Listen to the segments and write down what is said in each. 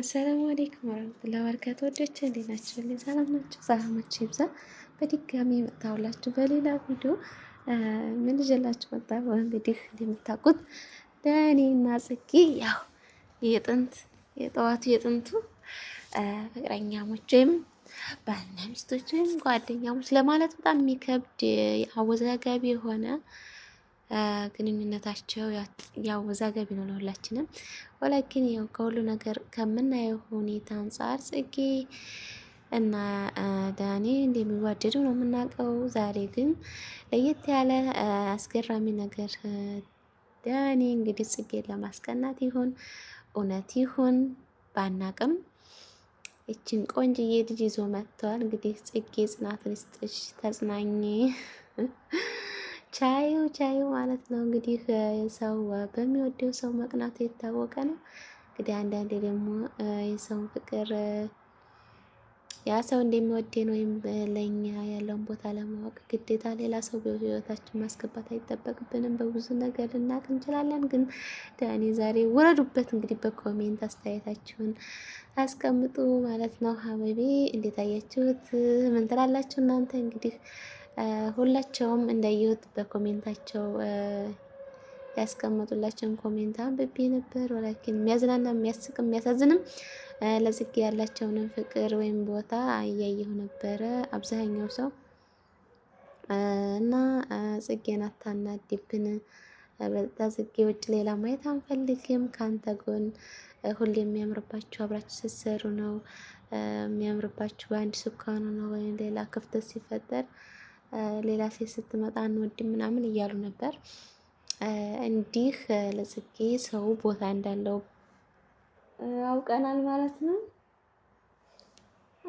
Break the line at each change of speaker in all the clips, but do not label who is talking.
አሰላሙ አሌይኩም ወረህመቱላሂ ወበረካቱ። ወዳጆቼ እንዴት ናችሁ? ልኝ ሰላም ናችሁ? ሰላማችሁ ይብዛ። በድጋሚ መጣሁላችሁ በሌላ ቪዲዮ። ምን ይዤላችሁ መጣሁ? እንግዲህ እንደምታውቁት ለእኔና ጽጌ ያው የጥንት የጠዋቱ የጥንቱ ፍቅረኛሞች ወይም ባልና ሚስቶች ወይም ጓደኛሞች ለማለት በጣም የሚከብድ አወዛጋቢ የሆነ ግንኙነታቸው ያው ወዛገቢ ነው ለሁላችንም። ወላኪን ያው ከሁሉ ነገር ከምናየው ሁኔታ አንጻር ጽጌ እና ዳኒ እንደሚዋደዱ ነው የምናውቀው። ዛሬ ግን ለየት ያለ አስገራሚ ነገር ዳኒ እንግዲህ ጽጌን ለማስቀናት ይሁን እውነት ይሁን ባናቅም እችን ቆንጅዬ ልጅ ይዞ መጥተዋል። እንግዲህ ጽጌ ጽናትን ስጥሽ፣ ተጽናኝ ቻዩ ቻዩ ማለት ነው እንግዲህ ሰው በሚወደው ሰው መቅናቱ የታወቀ ነው። እንግዲህ አንዳንዴ ደግሞ የሰውን ፍቅር ያ ሰው እንደሚወደን ወይም ለእኛ ያለውን ቦታ ለማወቅ ግዴታ ሌላ ሰው በህይወታችን ማስገባት አይጠበቅብንም። በብዙ ነገር ልናቅ እንችላለን። ግን ዳኒ ዛሬ ውረዱበት። እንግዲህ በኮሜንት አስተያየታችሁን አስቀምጡ ማለት ነው። ሀበቤ እንዴት አያችሁት? ምን ትላላችሁ እናንተ እንግዲህ ሁላቸውም እንዳየሁት በኮሜንታቸው ያስቀመጡላቸውን ኮሜንት አንብቤ ነበር። ወላኪን የሚያዝናና የሚያስቅ የሚያሳዝንም ለጽጌ ያላቸውንም ፍቅር ወይም ቦታ እያየሁ ነበረ። አብዛኛው ሰው እና ጽጌን አታናድብን፣ ጽጌ ውጭ ሌላ ማየት አንፈልግም። ከአንተ ጎን ሁሌ የሚያምርባችሁ አብራችሁ ስትሰሩ ነው የሚያምርባችሁ። በአንድ ስኳኑ ነው ወይም ሌላ ክፍተት ሲፈጠር ሌላ ሴት ስትመጣ እንወድ ምናምን እያሉ ነበር። እንዲህ ለጽጌ ሰው ቦታ እንዳለው አውቀናል ማለት ነው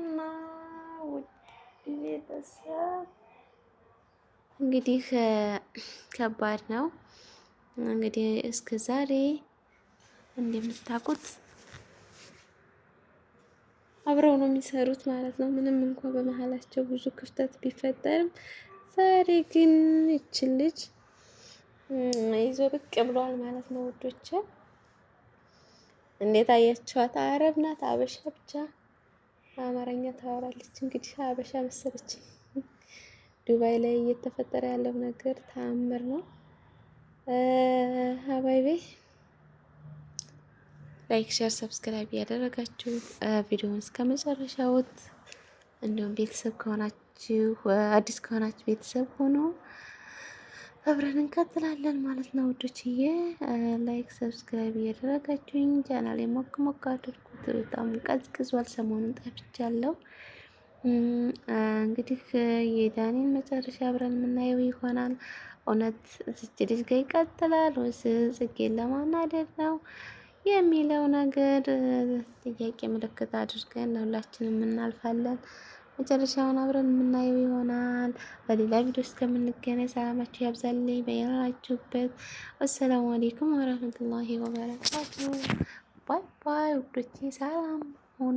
እና ቤተሰብ እንግዲህ ከባድ ነው። እንግዲህ እስከ ዛሬ እንደምታውቁት አብረው ነው የሚሰሩት ማለት ነው። ምንም እንኳ በመሀላቸው ብዙ ክፍተት ቢፈጠርም ዛሬ ግን ይችን ልጅ ይዞ ብቅ ብሏል ማለት ነው ውዶቼ። እንዴት አያችኋት? አረብ ናት፣ አበሻ ብቻ አማርኛ ታወራለች። እንግዲህ አበሻ መሰለች። ዱባይ ላይ እየተፈጠረ ያለው ነገር ተአምር ነው። አባይቤ ላይክ፣ ሼር፣ ሰብስክራይብ ያደረጋችሁ ቪዲዮውን እስከ መጨረሻውት እንዲሁም ቤተሰብ ከሆናችሁ አዲስ ከሆናችሁ ቤተሰብ ሆኖ አብረን እንቀጥላለን ማለት ነው ውዶችዬ። ላይክ፣ ሰብስክራይብ እያደረጋችሁኝ ቻናል የሞክ ሞክ አድርጉት። በጣም ቀዝቅዟል፣ ሰሞኑን ጠፍቻለሁ። እንግዲህ የዳኒን መጨረሻ አብረን የምናየው ይሆናል። እውነት ዝች ልጅ ጋ ይቀጥላል ወይስ ጽጌን ለማናደድ ነው? የሚለው ነገር ጥያቄ ምልክት አድርገን ሁላችንም እናልፋለን። መጨረሻውን አብረን የምናየው ይሆናል። በሌላ ቪዲዮ እስከምንገናኝ ሰላማችሁ ያብዛልኝ በያላችሁበት። አሰላሙ አሌይኩም ወረህመቱላሂ ወበረካቱ። ባይ ባይ ውዶቼ፣ ሰላም ሆኖ